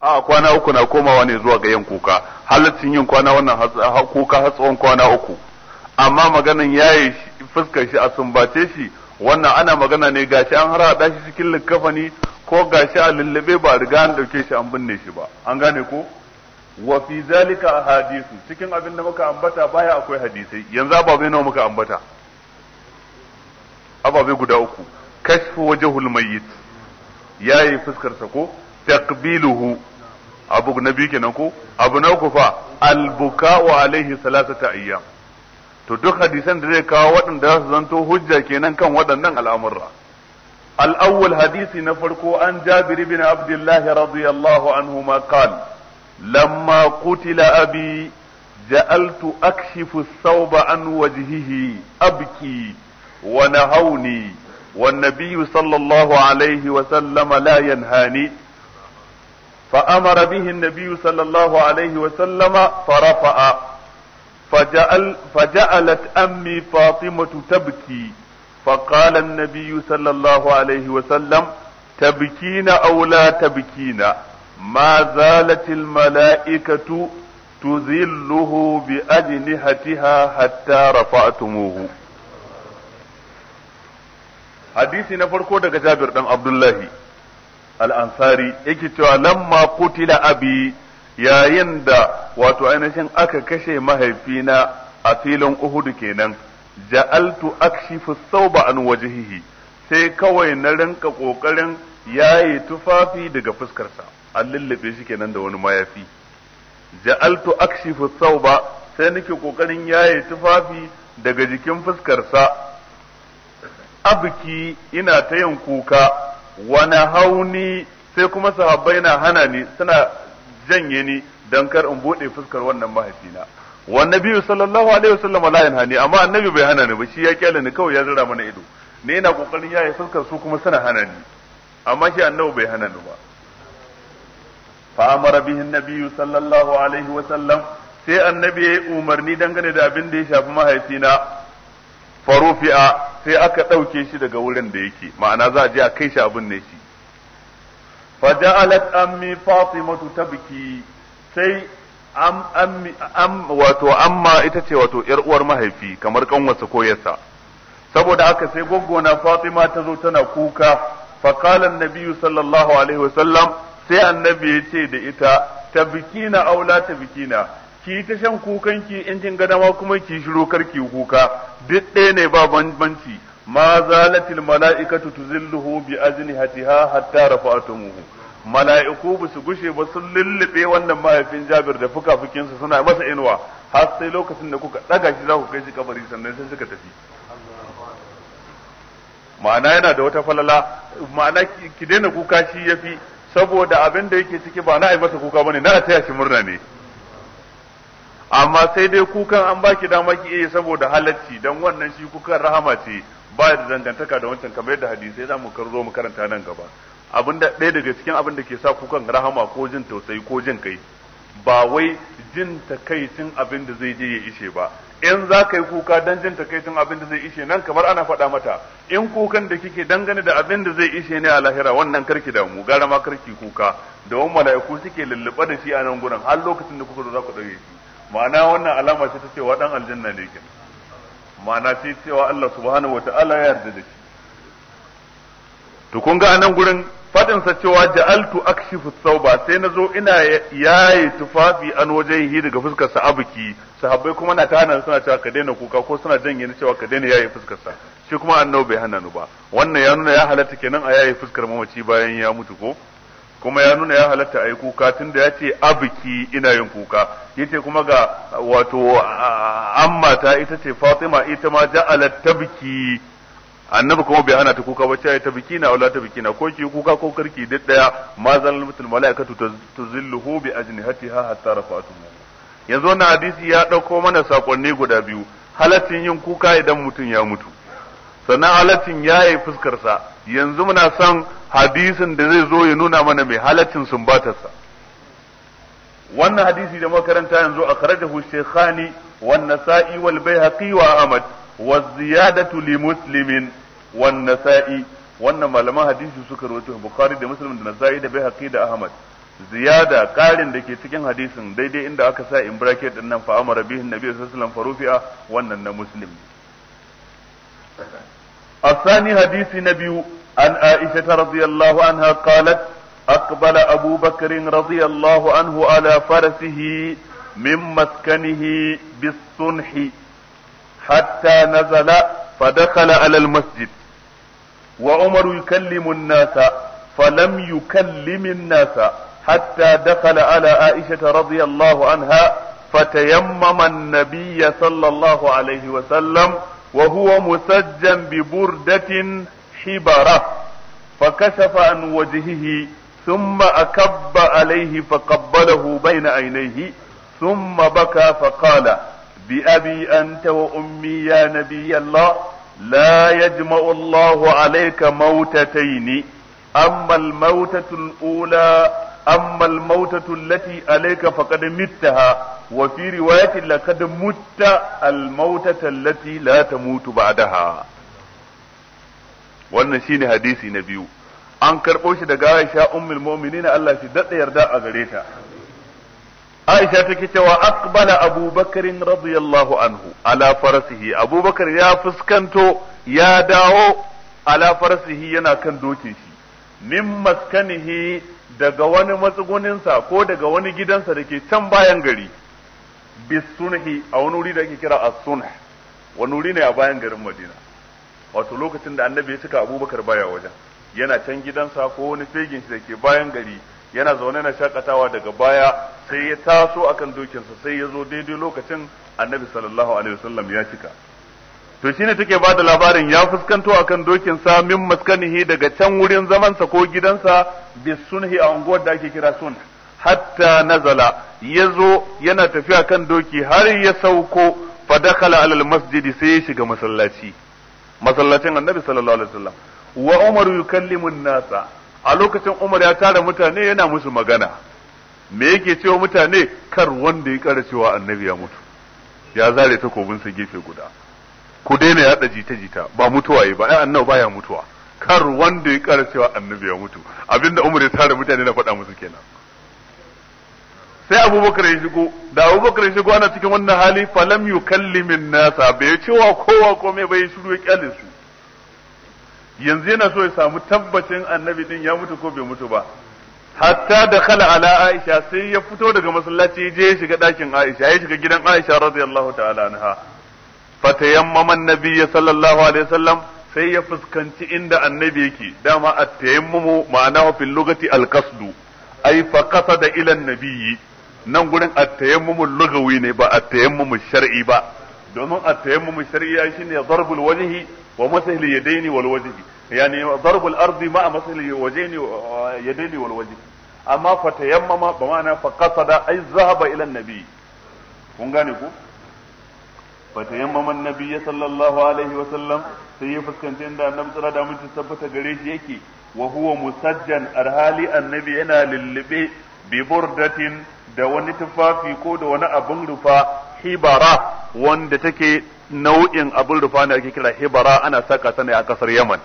a kwana uku na komawa ne zuwa ga yin kuka Halittin yin kwana wannan kuka har tsawon kwana uku amma maganan yaye fuskar shi a sumbace shi wannan ana magana ne gashi an har hada shi cikin likafani. ko gashi a lullube ba riga an dauke shi an binne shi ba an gane ko wa fi zalika hadisu cikin abin da muka ambata baya akwai hadisai yanzu ababe nawa muka ambata ababe guda uku kashfu wajhul mayyit yayi fuskar sa ko taqbiluhu abu na biyu kenan ko abu na uku albuka albuka'u alaihi salasata ayyam to duk hadisan da zai kawo waɗanda za su zanto hujja kenan kan waɗannan al'amurra al'awwal hadisi na farko an jabiri bin abdullahi radiyallahu anhu ma qal lamma qutila abi ja'altu akshifu thawba an wajhihi abki wa nahawni والنبي صلى الله عليه وسلم لا ينهاني فأمر به النبي صلى الله عليه وسلم فرفع فجعل فجعلت أمي فاطمة تبكي فقال النبي صلى الله عليه وسلم تبكين أو لا تبكين ما زالت الملائكة تذله بأجنحتها حتى رفعتموه حديثنا فرقودك جابر بن عبد الله al'ansari ansari yake cewa lamma da abi yayin da wato ainihin aka kashe mahaifina a filin uhudu kenan ja'altu akshifu thawba an wajhihi sai kawai na rinka kokarin yayi tufafi daga fuskarsa an lullube shi kenan da wani mayafi ja'altu akshifu thawba sai nake kokarin yayi tufafi daga jikin fuskarsa abki ina ta yin kuka wani hauni sai kuma sahabbai na hana ni suna janye ni don kar in bude fuskar wannan mahaifina wa biyu sallallahu alaihi wasallam la yanhani amma annabi bai hana ni ba shi ya kyale ni kawai ya zira mana ido ni ina kokarin yaye fuskar su kuma suna hana ni amma shi annabi bai hana ni ba fa amara bihi annabi sallallahu alaihi wasallam sai annabi ya umarni dangane da abin da ya shafi mahaifina farufi'a sai aka ɗauke shi daga wurin da yake ma'ana za a je a kai shi abin ne shi faja'alat ammi fatimatu tabki sai am ammi am wato amma ita ce wato yar uwar mahaifi kamar kanwarsa ko yasa. saboda haka sai goggona fatima ta zo tana kuka fa qala annabi sallallahu alaihi wasallam sai annabi ya ce da ita tabkina aula la tabkina ki ta shan kukan ki in kin ma kuma ki shiro karki kuka duk ɗaya ne ba banbanci ma zalatil mala'ikatu tuzilluhu bi ajnihatiha hatta rafa'atuhu mala'iku ba su gushe ba sun lullube wannan mahaifin Jabir da fukafukinsa suna masa inuwa har sai lokacin da kuka daga shi za ku kai shi kabari sannan sai suka tafi ma'ana yana da wata falala ma'ana ki daina kuka shi yafi saboda abin da yake ciki ba na ai masa kuka bane na taya shi murna ne amma sai dai kukan an baki dama ki iya saboda halacci dan wannan shi kukan rahama ce ba da dangantaka da wancan kamar yadda hadisai za mu karzo mu karanta nan gaba abinda ɗaya daga cikin abin da ke sa kukan rahama ko jin tausayi ko jin kai ba wai jin takaicin abin da zai je ya ishe ba in za ka yi kuka don jin takaicin abin da zai ishe nan kamar ana faɗa mata in kukan da kike dangane da abin da zai ishe ne a lahira wannan karki damu gara ma karki kuka da wani mala'iku suke lullube da shi a nan gurin har lokacin da kuka zo za ku ɗauke shi ma'ana wannan alama ce ta cewa dan aljanna ne kenan ma'ana ce cewa Allah subhanahu wata'ala ya yarda da shi to kun ga anan gurin fadin sa cewa ja'altu akshifu ba sai na zo ina yayi tufafi an wajhihi daga fuskar sa abuki sahabbai kuma na tana suna cewa ka daina kuka ko suna janye ni cewa ka daina yayi fuskar sa shi kuma annabi bai hana ni ba wannan ya nuna ya halatta kenan a yayi fuskar mamaci bayan ya mutu ko kuma ya nuna ya halatta ayi kuka tunda ya ce abiki ina yin kuka yace kuma ga wato amma ta ita ce Fatima ita ma ja'alat tabki annabi kuma bai hana ta kuka ba ce ta biki na wala ta biki na ko ki kuka ko karki duk daya ma mutul malaikatu tuzilluhu bi ajnihatiha hatta rafa'atu yanzu wannan hadisi ya dauko mana sakonni guda biyu halatin yin kuka idan mutum ya mutu sannan halaccin yi fuskarsa yanzu muna son hadisin da zai zo ya nuna mana mai halaccin sumbatarsa wannan hadisi da makaranta yanzu a kare kharajahu khani wan nasa'i wal baihaqi wa ahmad wa ziyadatu li muslimin wan nasa'i wannan malaman hadisi suka rubuta bukhari da muslim da nasa'i da bai baihaqi da ahmad ziyada ƙarin da ke cikin hadisin daidai inda aka sa in bracket din nan fa'amara amara bihi annabi sallallahu alaihi wasallam farufi'a wannan na muslim الثاني حديث نبي عن عائشة رضي الله عنها قالت أقبل أبو بكر رضي الله عنه على فرسه من مسكنه بالصنح حتى نزل فدخل على المسجد وعمر يكلم الناس فلم يكلم الناس حتى دخل على عائشة رضي الله عنها فتيمم النبي صلى الله عليه وسلم وهو مسجى ببردة حبرة فكشف عن وجهه ثم أكب عليه فقبله بين عينيه ثم بكى فقال بأبي أنت وأمي يا نبي الله لا يجمع الله عليك موتتين أما الموتة الأولى أما الموتة التي عليك فقد متها وفي رواية لقد مت الموتة التي لا تموت بعدها wannan shine hadisi na biyu an karɓo shi daga Aisha ummul mu'minin Allah shi daɗa yarda a gare ta Aisha take cewa aqbala Abu Bakr radiyallahu anhu ala farasihi Abu Bakr ya fuskanto ya dawo ala farasihi yana kan dokin shi min maskanihi daga wani matsuguninsa ko daga wani gidansa da ke can bayan gari bisunhi a wani wuri da ake kira as sunah wani wuri ne a bayan garin Madina wato lokacin da annabi ya cika Abubakar baya wajen yana can gidansa ko wani fegin shi da ke bayan gari yana zaune na shakatawa daga baya sai ya taso akan dokinsa sai ya zo daidai lokacin annabi sallallahu alaihi wasallam ya cika to shine take ba da labarin ya fuskanto akan dokin sa min maskanihi daga can wurin zamansa ko gidansa bi sunhi a unguwar da ake kira sun hatta nazala yazo yana tafiya kan doki har ya sauko fa dakhala alal masjidi sai ya shiga masallaci masallacin annabi sallallahu alaihi wasallam wa umar yukallimun nasa a lokacin umar ya tara mutane yana musu magana me yake cewa mutane kar wanda ya kara cewa annabi ya mutu ya zare takobinsa gefe guda ku daina yaɗa jita-jita ba mutuwa yi ba ai annabi baya mutuwa kar wanda ya ƙara cewa annabi ya mutu abinda umar ya tare mutane na faɗa musu kenan sai abubakar ya shigo da abubakar ya shigo ana cikin wannan hali falam yukallimin nasa bai cewa kowa komai bai shiru ya kyale su yanzu yana so ya samu tabbacin annabi din ya mutu ko bai mutu ba hatta da kala ala aisha sai ya fito daga masallaci ya je ya shiga ɗakin aisha ya shiga gidan aisha radiyallahu ta'ala anha fatayammama annabi sallallahu alaihi wasallam sai ya fuskanci inda annabi yake dama at-tayammumu ma'ana fil lugati al-qasdu ay fa qasada ila an nan gurin at-tayammumu lugawi ne ba at-tayammumu shar'i ba domin at-tayammumu shar'i shine darbul wajhi wa masahil yadaini wal wajhi yani darbul ardi ma masahil wajhaini yadaini wal wajhi amma fa tayammama ba ma'ana fa qasada ay zahaba ila an-nabiyyi kun gane ku fatayamma annabi sallallahu alaihi wa sallam sai ya fuskanci inda annabi tsara da mutunci tabbata gare shi yake Wahuwa huwa musajjan arhali annabi yana lullube bibur burdatin da wani tufafi ko da wani abin rufa hibara wanda take nau'in abin rufa ne ake kira hibara ana saka ta a kasar Yaman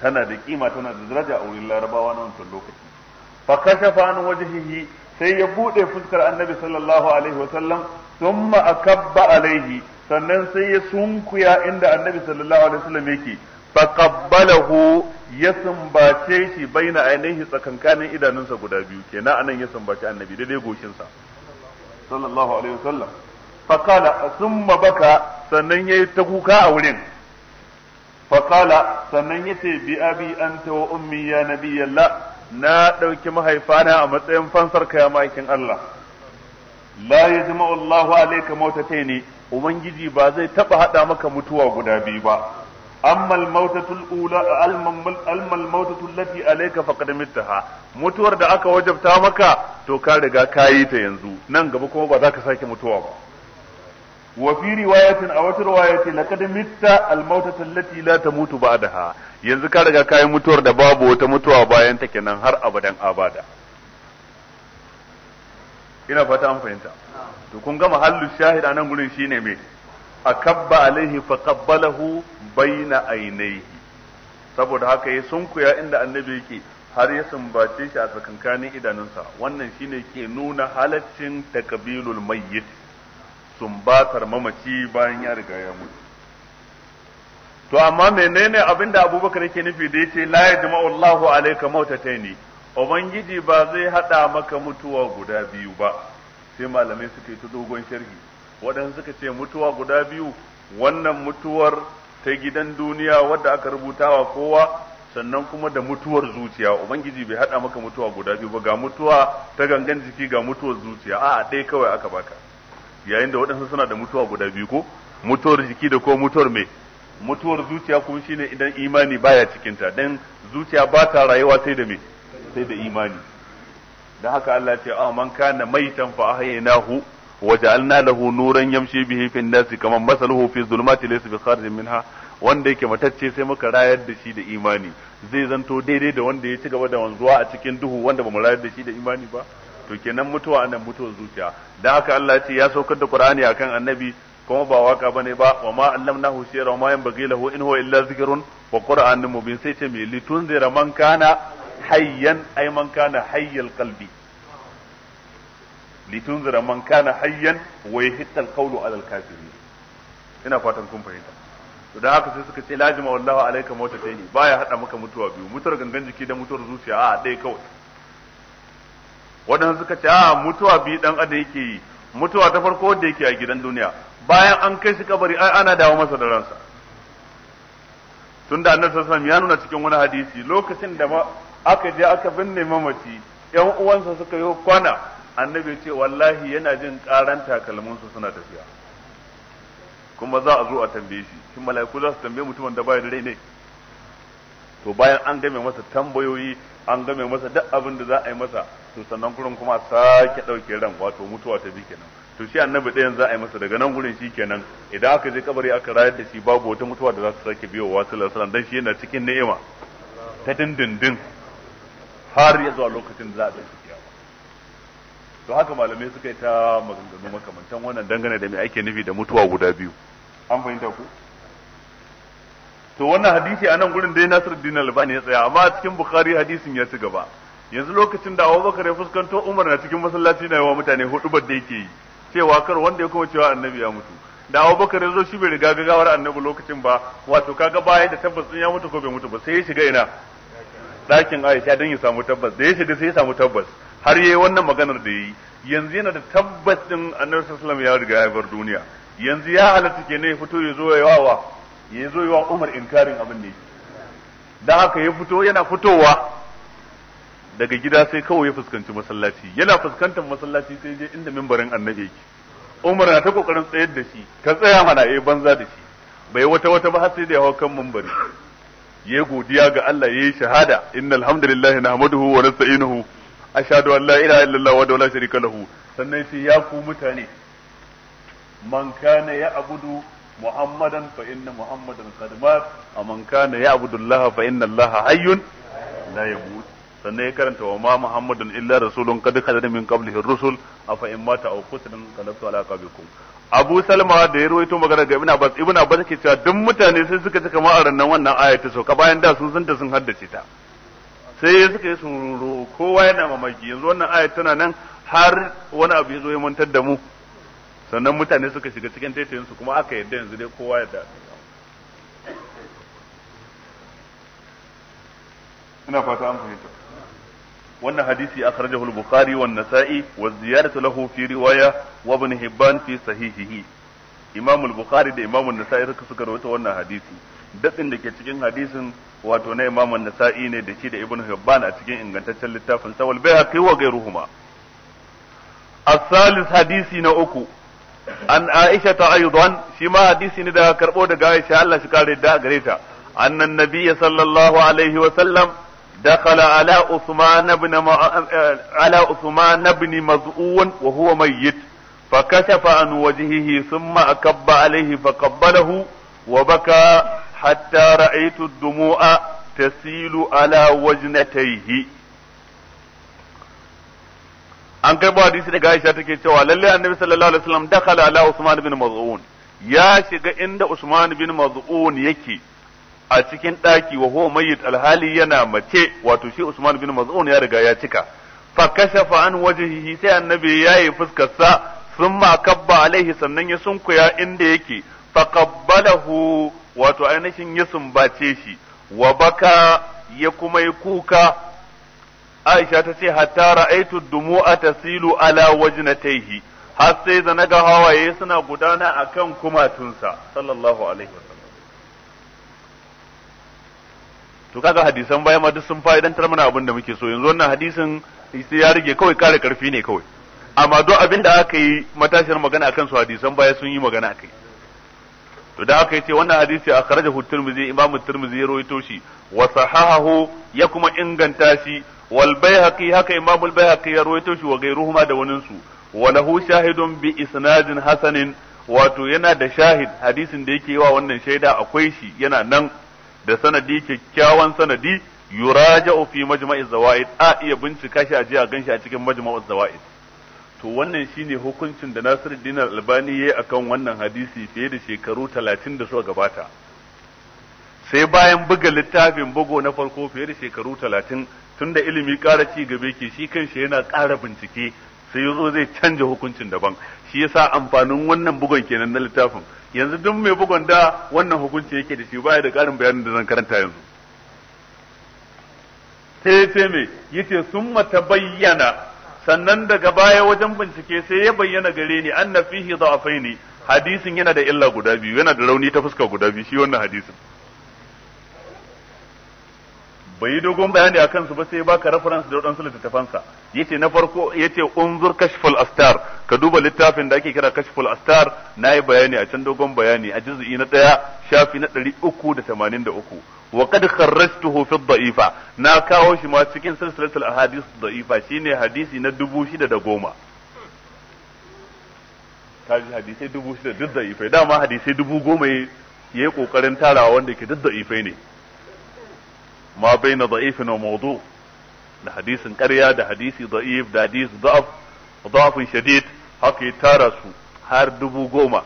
tana da kima tana da daraja a wurin Larabawa na wancan lokaci an sai ya bude fuskar annabi sallallahu alaihi wa sallam summa akabba alaihi sannan sai ya sunkuya inda annabi sallallahu alaihi wasallam yake fa qabbalahu ya sumbace shi baina ainihi tsakankanin idanunsa guda biyu kenan anan ya sumbace annabi daidai goshin sa sallallahu alaihi wasallam fa qala summa baka sannan yayi ta kuka a wurin fa qala sannan yace bi abi anta wa ummi ya nabiyallah na dauki mahaifana a matsayin fansar kai ma'aikin Allah la yajma'u Allahu alayka mautataini ubangiji ba zai taba hada maka mutuwa guda biyu ba amma al-mautatul ula amma al-mautatul lati alayka faqad mutuwar da aka wajabta maka to ka riga kayi ta yanzu nan gaba kuma ba za ka sake mutuwa ba wa fi riwayatin a wata riwayati laqad mitta al-mautatul lati la tamutu ba'daha yanzu ka riga kayi mutuwar da babu wata mutuwa bayan ta kenan har abadan abada ina fata an fahimta to kun ga mahallu shahid anan gurin shine me akabba alaihi fa qabbalahu baina ainihi saboda haka ya sunkuya inda annabi yake har ya sumbace shi a tsakankanin idanunsa wannan shine ke nuna halaccin takabilul mayyit sumbatar mamaci bayan ya riga ya mutu to amma menene abinda abubakar yake nufi da yace la yajma'u Allahu alayka mautataini ubangiji ba zai haɗa maka mutuwa guda biyu ba sai malamai suka yi ta dogon sharhi waɗansu suka ce mutuwa guda biyu wannan mutuwar ta gidan duniya wadda aka rubuta wa kowa sannan kuma da mutuwar zuciya ubangiji bai haɗa maka mutuwa guda biyu ba ga mutuwa ta gangan jiki ga mutuwar zuciya a'a ɗaya kawai aka baka yayin da waɗansu suna da mutuwa guda biyu ko mutuwar jiki da ko mutuwar mai mutuwar zuciya kuma shine idan imani baya cikinta dan zuciya ba ta rayuwa sai da mai sai da imani da haka Allah ce a ah, man kana maitan fa ahyaynahu wa ja'alna lahu nuran yamshi bihi fin nasi kaman masaluhu fi zulumati laysa bi kharij minha wanda yake matacce sai muka rayar da shi da imani zai zanto daidai da wanda ya ci gaba da wanzuwa a cikin duhu wanda bamu rayar da shi da imani ba to kenan mutuwa anan mutuwa zuciya da haka Allah ce ya saukar da Qur'ani akan annabi kuma ba waka bane ba wa ma allamnahu shi'ra wa ma yanbaghi lahu in huwa illa zikrun wa qur'anun mubin sai ce litun zira man kana hayyan ay man kana hayyal qalbi litunzira man kana hayyan wa yahitta alqawlu ala kafiri ina fatan kun fahimta to da haka sai suka ce lajima wallahu alayka mautataini baya hada maka mutuwa biyu mutuwar gangan jiki da mutuwar zuciya a ɗaya kawai waɗansu suka ce a mutuwa biyu dan ada yake yi mutuwa ta farko wanda yake a gidan duniya bayan an kai shi kabari ai ana dawo masa da ransa tunda annabi sallallahu alaihi wasallam ya nuna cikin wani hadisi lokacin da aka je aka binne mamaci yan uwansa suka yi kwana annabi ce wallahi yana jin karan takalminsu suna tafiya kuma za a zo a tambaye shi shi mala'iku za su tambaye mutumin da baya da rai ne to bayan an game masa tambayoyi an game masa duk abin da za a yi masa to sannan gurin kuma sake ɗauke ran wato mutuwa ta bi kenan to shi annabi ɗayan za a yi masa daga nan gurin shi kenan idan aka je kabari aka rayar da shi babu wata mutuwa da za su sake wa sallallahu alaihi wasallam dan shi yana cikin ni'ima ta dindindin har ya zuwa lokacin da za a tafi kiyama to haka malamai suka yi ta maganganu makamantan wannan dangane da mai ake nufi da mutuwa guda biyu an fahimta ku to wannan hadisi a nan gurin dai Dina Albani ya tsaya amma a cikin Bukhari hadisin ya ci gaba yanzu lokacin da Abubakar ya fuskanto Umar na cikin masallaci na yawa mutane hudu ba da yake yi cewa kar wanda ya kuma cewa annabi ya mutu da Abubakar ya zo shi bai riga gagawar annabi lokacin ba wato kaga baya da tabbas ya mutu ko bai mutu ba sai ya shiga ina Dakin Aisha don ya samu tabbas da ya shiga sai ya samu tabbas har yayi wannan maganar da yayi yanzu yana da tabbas din Annabi sallallahu alaihi ya riga ya bar duniya yanzu ya halatta kenan ya fito ya zo ya wawa ya zo ya wa Umar inkarin abin ne dan haka ya fito yana fitowa daga gida sai kawai ya fuskanci masallaci yana fuskantar masallaci sai je inda mimbarin Annabi yake Umar na ta kokarin tsayar da shi ka tsaya mana yayi eh, banza da shi bai wata wata ba har sai da ya hawo kan mimbari ya godiya ga Allah ya yi shahada innal hamdalillahi nahmaduhu wa nasta'inuhu ashhadu an la ilaha illallah wa la sharika lahu sannan sai ya ku mutane man kana ya abudu muhammadan fa inna muhammadan qad mat wa kana ya abudu allaha fa inna allaha hayyun la yamut sannan ya karanta wa ma muhammadun illa rasulun qad khadana min qablihi rusul afa in mata aw qutilan qalatu ala qabikum abu salma da ya rawaito magana ga ibn abbas ibn abbas yake cewa duk mutane sai suka ci kamar nan wannan aya ta sauka bayan da sun santa sun haddace ta sai suka yi sururu kowa yana mamaki yanzu wannan aya tana nan har wani abu ya zo ya mantar da mu sannan mutane suka shiga cikin taitayin su kuma aka yadda yanzu dai kowa ya da ina fata an fahimta wannan hadisi akhrajahu al-bukhari wa an-nasa'i wa ziyadatu lahu fi riwaya wa ibn hibban fi sahihihi imam al-bukhari da imam an-nasa'i suka suka rawaita wannan hadisi datsin da ke cikin hadisin wato na imam an-nasa'i ne da shi da ibn hibban a cikin ingantaccen littafin sa wal bayhaqi wa ghayruhuma الثالث حديثي نأكو an Aisha ta aidan shi ma hadisi ne da karbo daga Aisha Allah shi kare da gare ta annan nabiyyi sallallahu alaihi wa sallam دخل على عثمان بن مع... على عثمان بن مزعون وهو ميت فكشف عن وجهه ثم أكب عليه فقبله وبكى حتى رأيت الدموع تسيل على وجنتيه an kai hadisi daga Aisha take cewa lalle Annabi sallallahu alaihi wasallam dakhala ala Usman bin Maz'un ya shiga inda Usman bin Maz'un yake a cikin daki wa huwa mayyit alhali yana mace wato shi Usman bin Maz'un ya riga ya cika fa kashafa an wajhihi sai annabi yayi fuskar sa thumma kabba alaihi sannan ya sunkuya inda yake fa qabbalahu wato ainihin ya sumbace shi wa baka ya kuma yi kuka Aisha ta ce hatta ra'aitu dumu'a tasilu ala wajnatayhi har sai zanaga hawaye suna gudana akan kumatunsa sallallahu alaihi wasallam to kaga hadisan baya ma duk sun fa'idantar mana abin da muke so yanzu wannan hadisin sai ya rage kawai kare karfi ne kawai amma duk abin da aka yi matashiyar magana akan su hadisan baya sun yi magana akai to da aka yi ce wannan hadisi a kharaja tirmizi imam turmizi ya rawaito shi wa sahahahu ya kuma inganta shi wal bayhaqi haka imam al bayhaqi ya rawaito shi wa gairuhuma da wanin su wa lahu shahidun bi isnadin hasanin wato yana da shahid hadisin da yake yi wa wannan shaida akwai shi yana nan da sanadi kyakkyawan sanadi yuraja'u fi majma'iz zawaid a iya bincika shi a a ganshi a cikin majma'iz zawaid to wannan shine hukuncin da Nasiruddin Albani yayi akan wannan hadisi fiye da shekaru 30 da suka gabata sai bayan buga littafin bugo na farko fiye da shekaru 30 tunda ilimi ƙara ci gaba ke shi kanshi yana ƙara bincike sai yazo zai canja hukuncin daban shi yasa amfanin wannan bugon kenan na littafin yanzu duk mai bugon da wannan hukunci yake da shi baya da karin bayanin da zan karanta yanzu sai ce me yace summa bayyana sannan daga baya wajen bincike sai ya bayyana gare ni anna fihi da'afaini hadisin yana da illa guda biyu yana da rauni ta fuska guda biyu shi wannan hadisin bai yi dogon bayani a kansu ba sai ya baka reference da waɗansu littattafansa yace na farko yace unzur kashful astar ka duba littafin da ake kira kashful astar nayi bayani a can dogon bayani a juz'i na daya shafi na 383 wa qad kharrajtuhu fi dha'ifa na kawo shi ma cikin silsilatul ahadith dha'ifa shine hadisi na 6010 kaji hadisai dubu shida duk da'ifai dama hadisai dubu goma ya yi kokarin tarawa wanda ke duk da'ifai ne ma bai na da'ifin wa mawdu' da hadisin ƙarya da hadisi da'if da hadisi da'af da'afin shadid haka ya tara su har dubu goma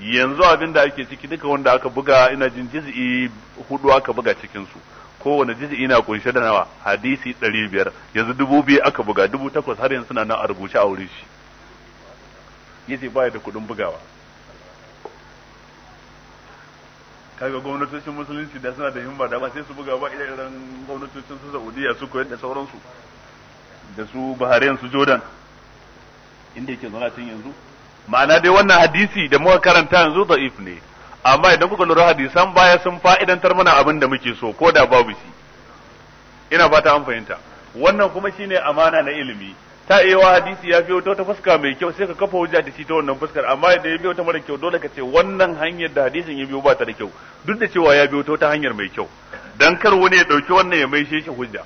yanzu abin da ake ciki duka wanda aka buga ina jin jiz'i hudu aka buga cikinsu su kowane jiz'i na kunshe da nawa hadisi ɗari biyar yanzu dubu biyu aka buga dubu takwas har yanzu suna nan a rubuce a wurin shi yace baya da kuɗin bugawa kaga gwamnatocin musulunci da suna da himma da ba sai su buga ba irin gwamnatocin su Saudiya su koyar da sauransu da su Bahrain su Jordan inda yake zuwa tun yanzu ma'ana dai wannan hadisi da muka karanta yanzu if ne amma idan kuka lura hadisan baya sun fa'idantar mana abin da muke so ko da babu shi ina fata an fahimta wannan kuma shine amana na ilimi ta iya wa hadisi ya fi ta wata fuska mai kyau sai ka kafa hujja da shi ta wannan fuskar amma da ya biyo ta mara kyau dole ka ce wannan hanyar da hadisin ya biyo ba ta da kyau duk da cewa ya biyo ta wata hanyar mai kyau dan kar wani ya dauki wannan ya mai shi hujja